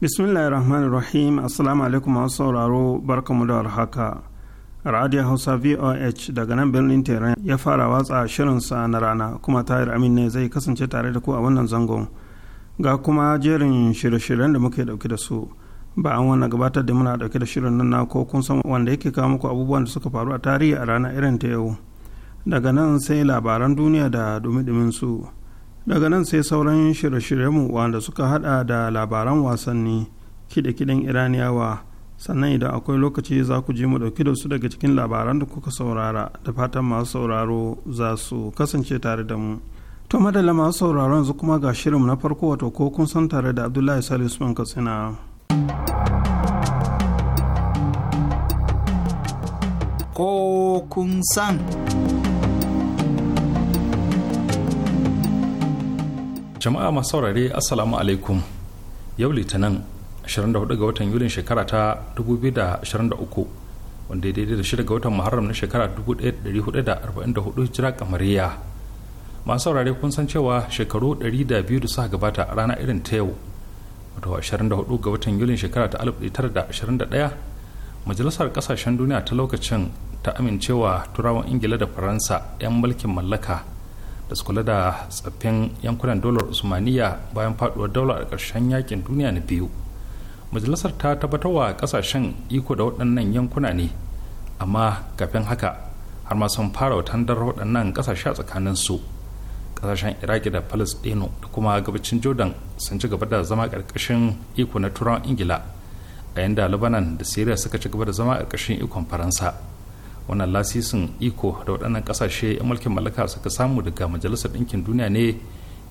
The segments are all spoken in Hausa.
bismillahir rahmanir rahim assalamu alaikum masu sauraro barkamu da warhaka radio hausa voh daga nan birnin tehran ya fara watsa shirinsa na rana kuma tahir amin ne zai kasance tare da ku a wannan zangon ga kuma jerin shirye-shiryen da muke dauke da su ba an wannan gabatar da muna dauke da shirin nan na ko kun san wanda yake kawo muku abubuwan da suka faru a tarihi a rana irin ta yau daga nan sai labaran duniya da dumi-dumin su daga nan sai sauran shirye mu wanda suka hada da labaran wasanni kide-kiden iraniyawa sannan idan akwai lokaci za ku ji mu dauki da su daga cikin labaran da kuka saurara da fatan masu sauraro za su kasance tare da mu to madalla masu sauraro yanzu kuma ga shirin na farko wato ko kun san tare da abdullahi salisu usman katsina ko kun san jama'a masu saurare assalamu alaikum yau litinin 24 ga watan yulin shekara ta 2023 wanda ya daidai da shida ga watan muharram na shekara 1444 hijira kamariya masu saurare kun san cewa shekaru 200 da suka gabata a rana irin ta yau wato 24 ga watan yulin shekara ta 1921 majalisar kasashen duniya ta lokacin ta amincewa turawan ingila da faransa 'yan mulkin mallaka da su kula da tsaffin yankunan dolar usmaniya bayan faduwar daular a ƙarshen yakin duniya na biyu majalisar ta tabbatar wa ƙasashen iko da waɗannan yankuna ne amma kafin haka har ma sun fara tandar waɗannan ƙasashe a tsakanin su ƙasashen iraki da palestino da kuma gabacin jordan sun ci gaba da zama ƙarƙashin iko na turawan ingila a yanda lebanon da syria suka ci gaba da zama ƙarƙashin ikon faransa wannan lasisin iko da waɗannan ƙasashe 'yan mulkin mallaka suka samu daga majalisar ɗinkin duniya ne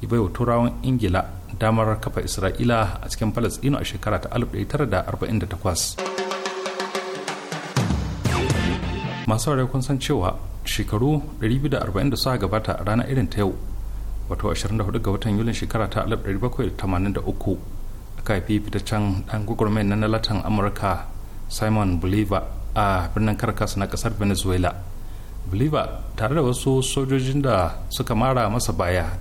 ya wa turawan ingila damar kafa isra'ila a cikin falasɗinu a shekara ta 1948 masu rai kun san cewa shekaru 240 da suka gabata a ranar irin ta yau wato 24 ga watan yulin shekara ta 1783 aka haifi fitaccen ɗan gwagwarmai na latin amurka simon bolivar a birnin caracas na kasar venezuela bolivar tare da wasu sojojin da suka mara masa baya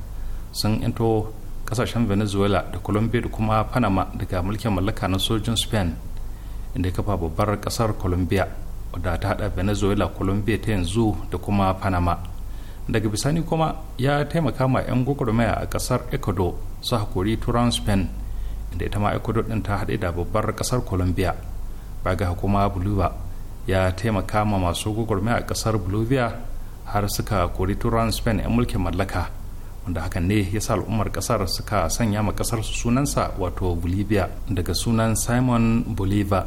sun into kasashen venezuela da colombia da kuma panama daga mulkin mallaka na sojin spain inda kafa babbar kasar colombia wadda ta hada venezuela colombia ta yanzu da kuma panama daga bisani kuma ya taimaka ma 'yan gwagwarmaya a kasar ecuador su hakuri turan spain inda ita ma ecuador din ta haɗe da babbar kasar colombia ba ga kuma bolivar ya taimaka ma masu gwagwarmaya a kasar bolivia har suka kori turan spain 'yan mulkin mallaka wanda hakan ne ya sa al'ummar kasar suka sanya ma kasar sunansa wato bolivia daga sunan simon bolivar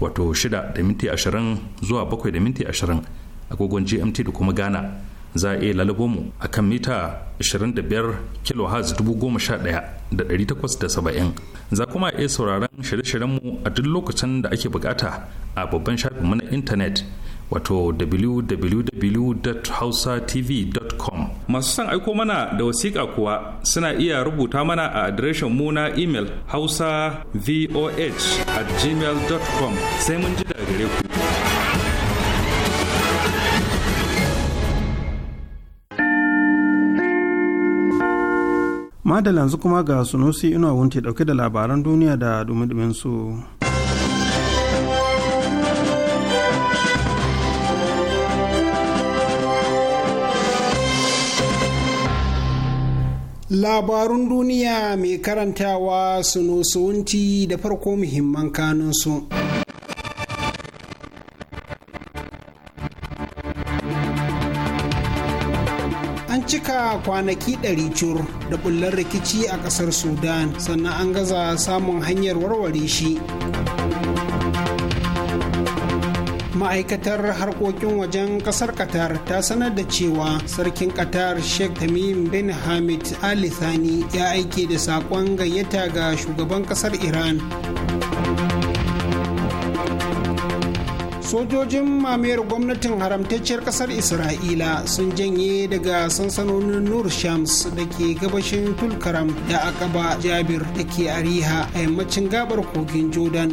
wato 6 da minti ashirin zuwa 7 da minti agogon gmt da kuma ghana za a iya lalabo mu a kan mita 25 kHz 11870 za kuma iya sauraron shirye shiryen mu a duk lokacin da ake bukata a babban shafinmu na intanet wato www.hausatv.com masu son aiko mana da wasiƙa kuwa suna iya rubuta mana a adireshin mu na imel hausa voh at gmail.com sai mun ji daga gare ku madalanzu kuma ga sunusi ina wunti dauke da labaran duniya da dumi su. Labarun duniya mai karantawa su sunusuwunti da farko muhimman kanunsu. An cika kwanaki ɗari cur da bullar rikici a ƙasar Sudan sannan an gaza samun hanyar warware shi. ma'aikatar harkokin wajen kasar qatar ta sanar da cewa sarkin qatar sheikh tamim bin hamid ali thani ya aike da saƙon gayyata ga shugaban kasar iran sojojin mamayar gwamnatin haramtacciyar kasar isra'ila sun janye daga sansanonin nur shams da ke gabashin tulkaram da akaba jabir da ke ariha a yammacin gabar kogin jordan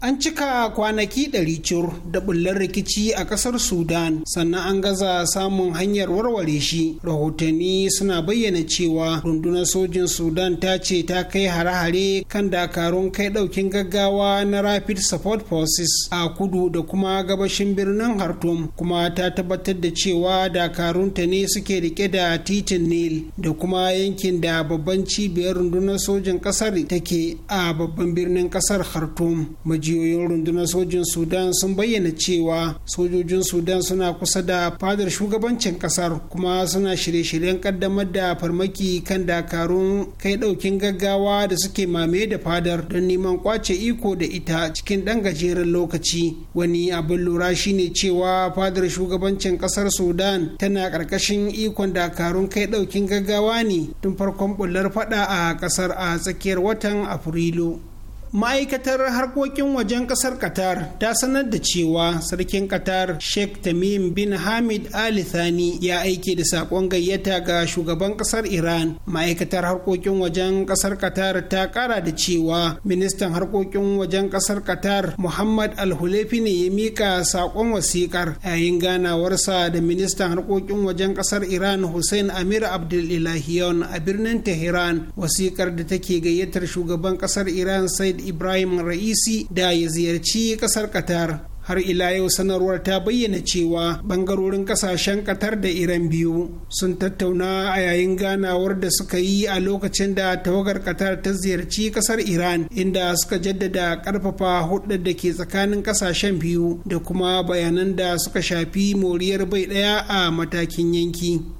An cika kwanaki ɗari cur da bullar rikici a ƙasar Sudan sannan an gaza samun hanyar warware shi. Rahotanni suna bayyana cewa rundunar sojin Sudan ta ce ta kai hare-hare kan dakarun kai ɗaukin gaggawa na Rapid Support Forces a kudu da kuma gabashin birnin hartum kuma ta tabbatar da cewa dakarun ta ne suke rike da titin Nil da kuma yankin da babban cibiyar rundunar sojin ƙasar take a babban birnin ƙasar Hartum. majiyoyin rundunar sojin sudan sun bayyana cewa sojojin sudan suna kusa da fadar shugabancin kasar kuma suna shirye-shiryen kaddamar da farmaki kan dakarun kai daukin gaggawa da suke mamaye da fadar don neman kwace iko da ita cikin ɗan gajeren lokaci wani abin lura shine cewa fadar shugabancin kasar sudan tana karkashin ikon dakarun kai daukin gaggawa ne tun farkon bullar fada a kasar a tsakiyar watan afrilu ma'aikatar harkokin wajen kasar qatar ta sanar da cewa sarkin qatar sheikh tamim bin hamid ali thani ya aike da sakon gayyata ga shugaban kasar iran ma'aikatar harkokin wajen kasar qatar ta kara da cewa ministan harkokin wajen kasar qatar muhammad al-hulefi ne ya mika sakon wasikar yayin ganawarsa da ministan harkokin wajen kasar iran hussein amir abdul a birnin tehran wasikar da take gayyatar shugaban kasar iran sai Muhammad Ibrahim Ra'isi da ya ziyarci kasar Qatar. har ila yau sanarwar ta bayyana cewa bangarorin kasashen Qatar da Iran biyu sun tattauna a yayin ganawar da suka yi a lokacin da tawagar Qatar ta ziyarci kasar Iran inda suka jaddada karfafa hudar da ke tsakanin kasashen biyu da kuma bayanan da suka shafi moriyar bai daya a matakin yanki.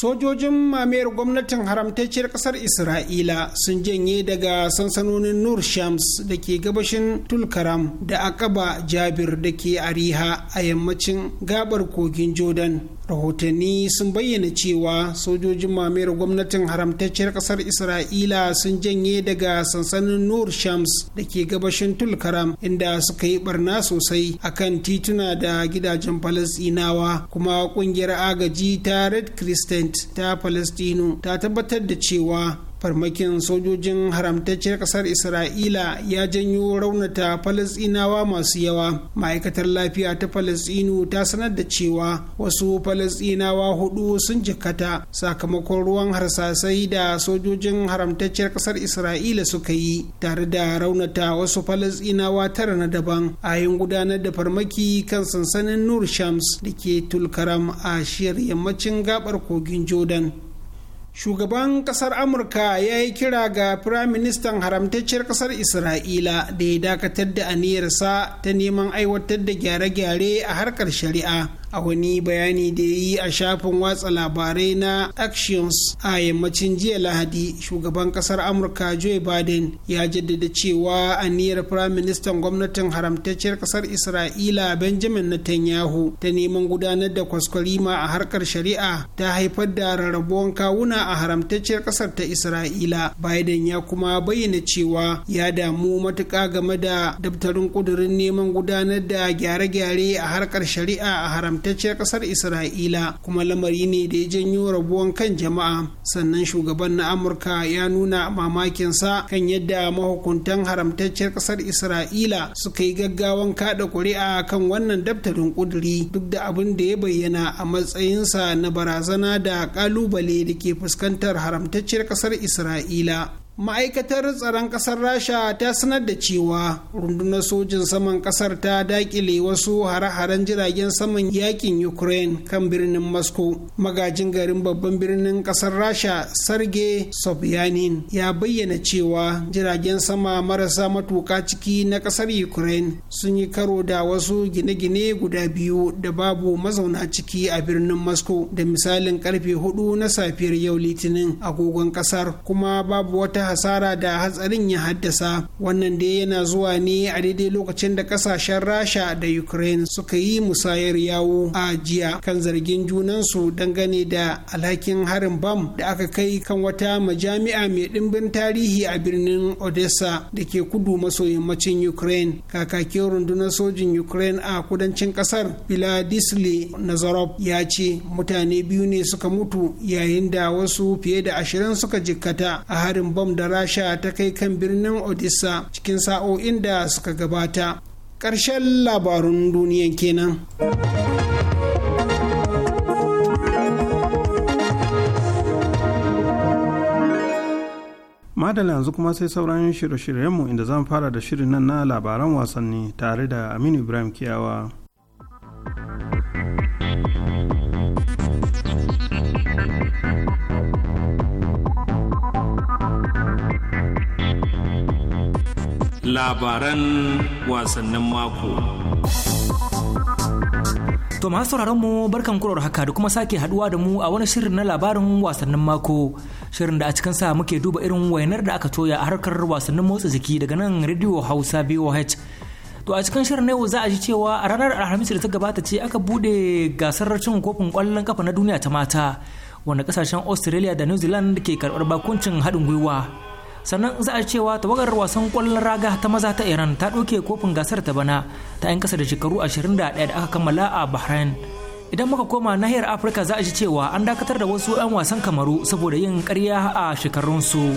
sojojin mamayar gwamnatin haramtacciyar kasar isra'ila sun janye daga sansanonin nur shams da ke gabashin tulkaram da akaba jabir da ke ariha a yammacin gabar kogin jordan rahotanni sun bayyana cewa sojojin mamayar gwamnatin haramtacciyar kasar isra'ila sun janye daga sansanin nur shams da ke gabashin tulkaram inda suka yi barna sosai akan tituna da gidajen palestinawa kuma kungiyar agaji ta red crescent ta palestino ta tabbatar da cewa farmakin sojojin haramtacciyar kasar isra'ila ya janyo raunata falasinawa masu yawa ma'aikatar lafiya ta falasinu ta sanar da cewa wasu falasinawa hudu sun jikata sakamakon ruwan harsasai da sojojin haramtacciyar kasar isra'ila suka yi tare da raunata wasu falasinawa tara na daban a yin gudanar da farmaki kan sansanin nur shams da ke tulkaram a shiyar yammacin gabar kogin jordan shugaban kasar amurka ya yi kira ga firaministan haramtacciyar kasar isra'ila da ya dakatar da aniyarsa ta neman aiwatar da gyare-gyare a harkar shari'a a wani bayani da ya yi a shafin watsa labarai na actions a yammacin jiya lahadi shugaban kasar amurka joe biden ya jaddada cewa aniyar firaministan gwamnatin haramtacciyar kasar isra'ila benjamin netanyahu ta neman gudanar da kwaskwarima a harkar shari'a ta haifar da rarrabuwan kawuna a haramtacciyar kasar ta isra'ila biden ya kuma bayyana cewa ya damu matuƙa game da daftarin ƙudurin neman gudanar da gyare-gyare a harkar shari'a a haramtacciyar haramtacciyar kasar isra'ila kuma lamari ne da ya janyo rabuwan kan jama'a sannan shugaban na amurka ya nuna mamakin sa kan yadda mahukuntan haramtacciyar kasar isra'ila suka yi gaggawan kada kuri'a kan wannan daftarin kuduri duk da abin da ya bayyana a matsayinsa na barazana da kalubale da ke fuskantar haramtacciyar kasar isra'ila ma'aikatar tsaron ƙasar rasha ta sanar da cewa rundunar sojin saman ƙasar ta dakile wasu hare-haren jiragen saman yakin ukraine kan birnin moscow magajin garin babban birnin ƙasar rasha sarge sobyanin ya bayyana cewa jiragen sama marasa matuka ciki na ƙasar ukraine sun yi karo da wasu gine-gine guda biyu da babu mazauna ciki a birnin moscow da misalin karfe hudu na safiyar yau litinin agogon ƙasar kuma babu wata hasara da hatsarin ya haddasa wannan da yana zuwa ne a daidai lokacin da kasashen rasha da ukraine suka yi musayar yawo a jiya kan zargin junansu dangane da alhakin harin bam da aka kai kan wata majami'a mai ɗimbin tarihi a birnin odessa da ke kudu maso yammacin ukraine kakakin rundunar sojin ukraine a kudancin kasar biladisle nazarov ya ce mutane biyu ne suka mutu yayin da wasu fiye da ashirin suka jikkata a harin bam da rasha ta kai kan birnin odisa cikin sa'o'in da suka gabata ƙarshen labarun duniyan kenan. madala yanzu kuma sai sauran shirye-shiryenmu inda zan fara da shirin nan na labaran wasanni tare da aminu ibrahim kiyawa labaran wasannin mako. To masu sauraron mu barkan kurar haka da kuma sake haduwa da mu a wani shirin na labarin wasannin mako. Shirin da a cikin sa muke duba irin wainar da aka toya a harkar wasannin motsa jiki daga nan Radio Hausa BOH. To a cikin shirin yau za a ji cewa a ranar Alhamis da ta gabata ce aka bude gasar cin kofin kwallon kafa na duniya ta mata wanda kasashen Australia da New Zealand ke karɓar bakuncin haɗin gwiwa. sannan za a cewa tawagar wasan kwallon raga ta maza ta iran ta ɗauke kofin gasar ta bana ta 'yan kasa da shekaru 21 da aka kammala a bahrain idan muka koma nahiyar afirka za a ji cewa an dakatar da wasu 'yan wasan kamaru saboda yin karya a shekarunsu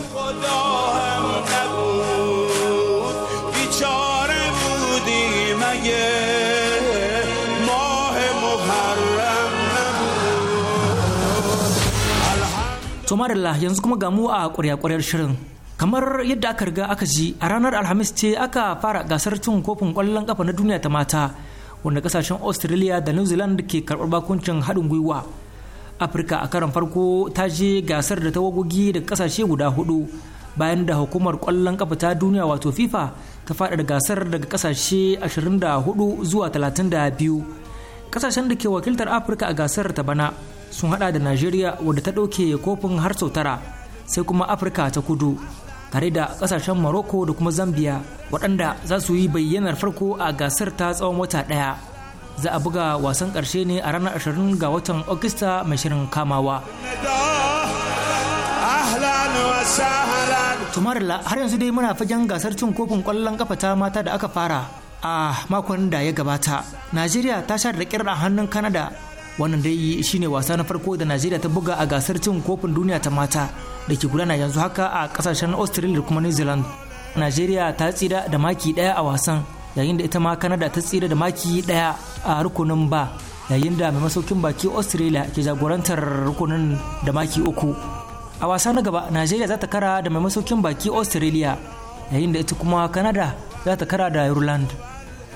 Tomarilla yanzu kuma gamu a ƙwarya-ƙwaryar shirin kamar yadda aka riga aka ji a ranar alhamis ce aka fara gasar cin kofin kwallon kafa na duniya ta mata wanda kasashen australia da new zealand ke karbar bakuncin haɗin gwiwa afirka a karan farko ta je gasar da tawagogi da kasashe guda hudu bayan da hukumar kwallon kafa ta duniya wato fifa ta da gasar daga kasashe 24 zuwa 32 kasashen da ke wakiltar afirka a gasar ta bana sun hada da nigeria wadda ta ɗauke kofin har sau tara sai kuma afirka ta kudu tare da kasashen Morocco da kuma Zambia waɗanda za su yi bayyanar farko a gasar ta tsawon wata ɗaya. Za a buga wasan ƙarshe ne a ranar 20 ga watan Agusta mai shirin kamawa. Tumar har yanzu dai muna fagen gasar cin kofin kwallon kafa ta mata da aka fara a makon da ya gabata. Najeriya ta sha da a hannun Kanada wannan dai shine wasa na farko da najeriya ta buga a gasar cin kofin duniya ta mata da ke gudana yanzu haka a kasashen australia da kuma new zealand najeriya ta tsira da maki daya a wasan yayin da ita ma canada ta tsira da maki daya a rukunin ba yayin da mai masaukin baki australia ke jagorantar rukunin da maki uku a wasa na gaba najeriya za ta kara da mai masaukin baki australia yayin da ita kuma canada za ta kara da ireland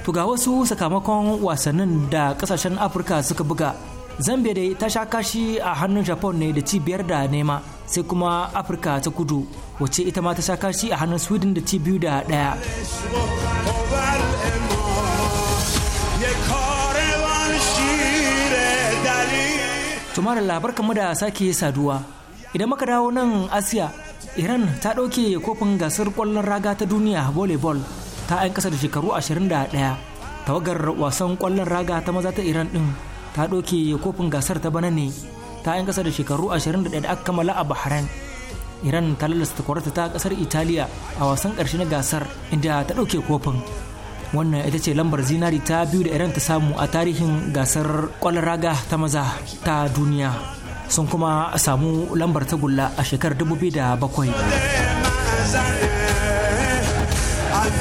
to ga wasu sakamakon wasannin da kasashen afirka suka buga zambia dai ta sha kashi a hannun japan ne da cibiyar biyar da nema sai kuma afirka ta kudu wace ita ma ta sha kashi a hannun sweden da ci da daya tumar labar kama da sake saduwa idan maka dawo nan asiya iran ta ɗauke kofin gasar ƙwallon raga ta duniya volleyball ta 'yan ƙasa da shekaru 21 tawagar wasan ƙwallon raga ta maza ta iran ɗin ta ɗauke kofin gasar ta bana ne ta yin ƙasa da shekaru 21 da aka kammala a bahrain iran ta lalasta kwarata ta ƙasar italiya a wasan ƙarshe na gasar inda ta ɗauke kofin wannan ita ce lambar zinari ta biyu da iran ta samu a tarihin gasar ƙwallon raga ta maza ta duniya sun kuma samu lambar tagulla a shekarar 2007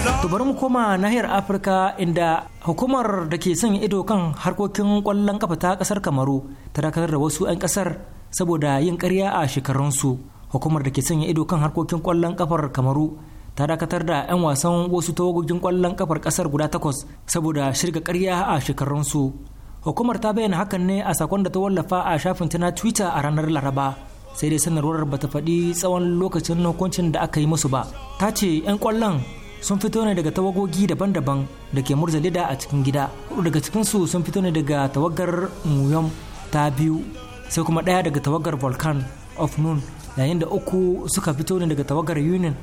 To bari mu koma nahiyar Afirka inda hukumar da ke son ido kan harkokin kwallon kafa ta kasar Kamaru ta dakatar da wasu 'yan kasar saboda yin karya a shekarunsu. Hukumar da ke son ido kan harkokin kwallon kafar Kamaru ta dakatar da 'yan wasan wasu tawagogin kwallon kafar kasar guda takwas saboda shirga karya a shekarunsu. Hukumar ta bayyana hakan ne a sakon da ta wallafa a shafin ta na Twitter a ranar Laraba. sai dai sanarwar ba ta faɗi tsawon lokacin hukuncin da aka yi musu ba ta ce 'yan kwallon sun fito ne daga tawagogi daban-daban da ke murza leda a cikin gida hudu daga cikinsu sun fito ne daga tawagar muyom ta biyu sai kuma ɗaya daga tawagar volcan of nun yayin da uku suka fito ne daga tawagar union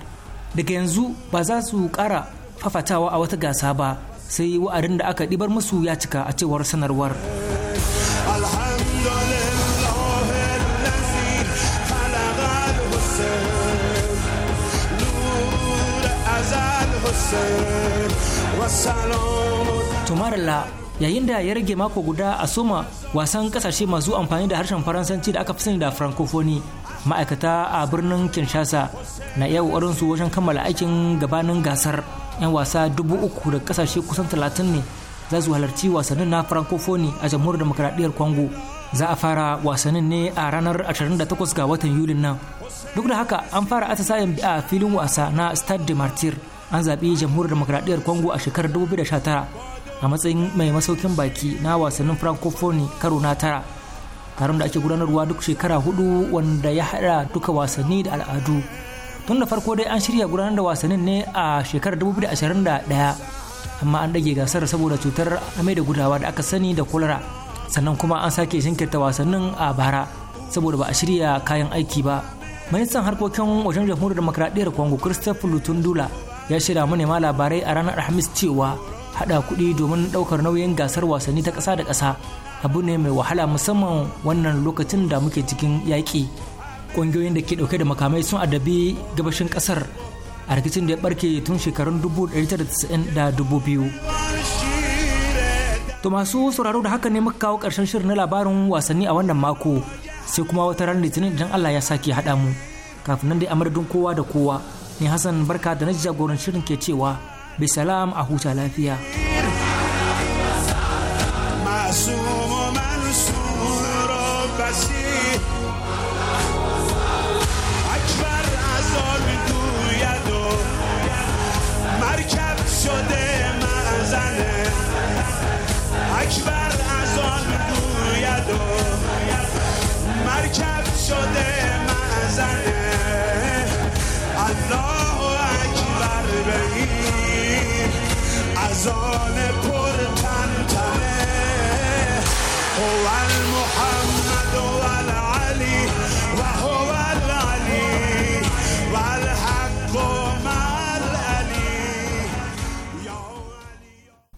daga yanzu ba za su ƙara fafatawa a wata gasa ba sai wa'adin da aka ɗibar musu ya cika a cewar sanarwar. tumar la yayin da ya rage mako guda a soma wasan kasashe masu amfani da harshen faransanci da aka fi sani da francophone ma'aikata a birnin kinshasa na iya kokarin su wajen kammala aikin gabanin gasar 'yan wasa dubu uku da kasashe kusan talatin ne za su halarci wasannin na francophone a jamhuriyar demokradiyyar congo za a fara wasannin ne a ranar 28 ga watan yulin nan duk da haka an fara atisayen a filin wasa na stade de martyr an zaɓi jamhuriyar demokradiyyar congo a shekarar 2019 a matsayin mai masaukin baki na wasannin francophone karo na tara taron da ake gudanarwa duk shekara hudu wanda ya haɗa duka wasanni da al'adu tun da farko dai an shirya gudanar da wasannin ne a shekarar da 2021 amma an ɗage gasar saboda cutar amai da gudawa da aka sani da kwalara sannan kuma an sake jinkirta wasannin a bara saboda ba a shirya kayan aiki ba ministan harkokin wajen jamhuriyar demokradiyyar congo christophe lutundula ya shirya manema labarai a ranar alhamis cewa hada kuɗi domin ɗaukar nauyin gasar wasanni ta ƙasa da ƙasa abu ne mai wahala musamman wannan lokacin da muke cikin yaƙi ƙungiyoyin da ke ɗauke da makamai sun adabi gabashin ƙasar a rikicin da ya barke tun shekarun 1990 da 2000 To masu sauraro da haka ne muka kawo ƙarshen shirin na labarin wasanni a wannan mako sai kuma wata ran litinin idan Allah ya sake haɗa mu kafin nan dai a kowa da kowa ni hassan barka da na jagoran shirin ke cewa bisalam a huta lafiya.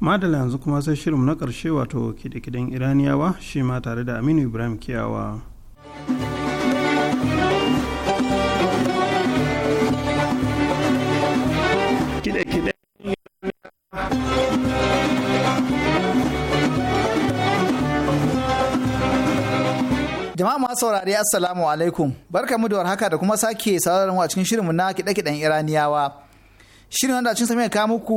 madala yanzu kuma sai shirin na ƙarshe wato kide-kiden iraniyawa shi ma tare da aminu ibrahim kiyawa ma saurari assalamu alaikum barkamu da warhaka da kuma sake sauraron mu a cikin shirinmu na kiɗe-kiɗen iraniyawa shirin wanda cin sami ka muku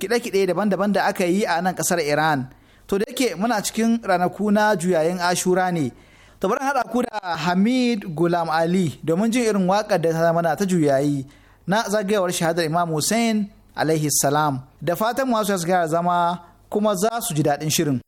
kiɗe-kiɗe daban-daban da aka yi a nan ƙasar iran to da yake muna cikin ranaku na juyayen ashura ne to bari haɗa ku da hamid gulam ali domin jin irin waƙar da ta mana ta juyayi na zagayewar shahadar imam hussein alaihi salam da fatan masu gara zama kuma za su ji daɗin shirin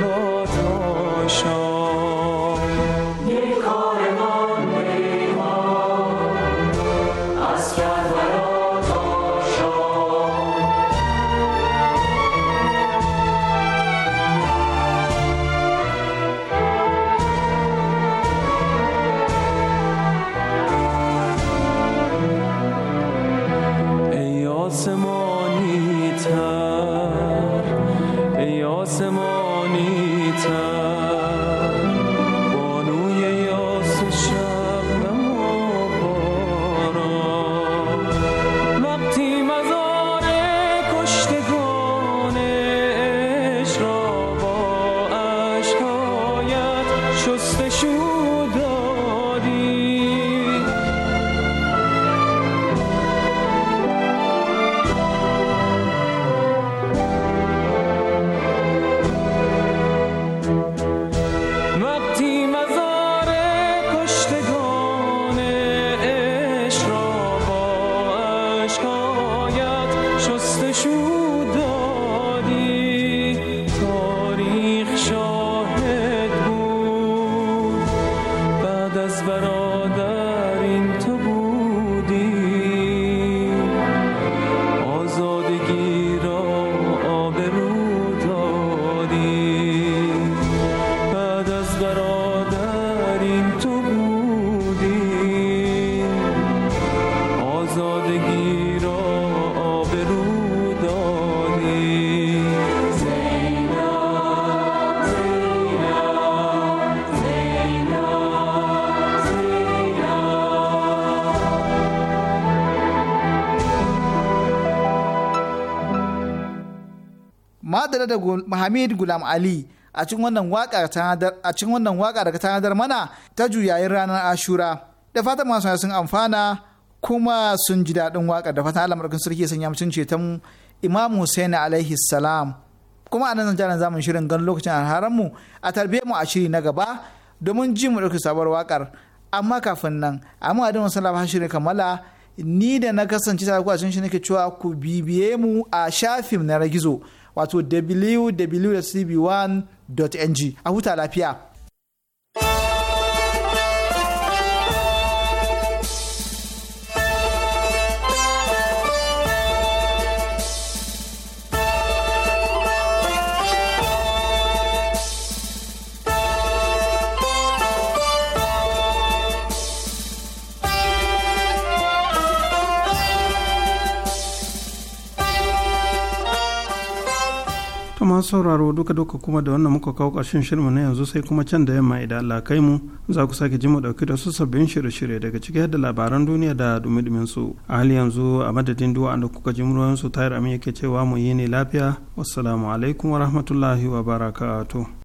جلو تو شد madara da Muhammad Gulam Ali a cikin wannan waka a cikin wannan waka daga tanadar mana ta juyayin ranar Ashura da fatan masu sun amfana kuma sun ji daɗin waka da fatan Allah madaukakin sarki ya sanya mutun ceton Imam Hussein alaihi salam kuma a nan zan zamun shirin gan lokacin alharan mu a tarbiyyar mu a shiri na gaba domin ji mu ɗauki sabuwar wakar amma kafin nan amma da wasu labar shirin kammala ni da na kasance ku a cikin shi nake cewa ku bibiye mu a shafin na ragizo wato www.cb1.ng a huta lafiya. masu sauraro duka duka kuma da wannan muka kawo ƙarshen shirmu na yanzu sai kuma can da yamma idan Allah kai mu za ku sake ji mu dauki da su sabbin shirye-shirye daga ciki da labaran duniya da dumi su a hali yanzu a madadin duwa da kuka ji ruwan su tayar amin yake cewa mu yi ne lafiya wassalamu alaikum wa rahmatullahi wa barakatuh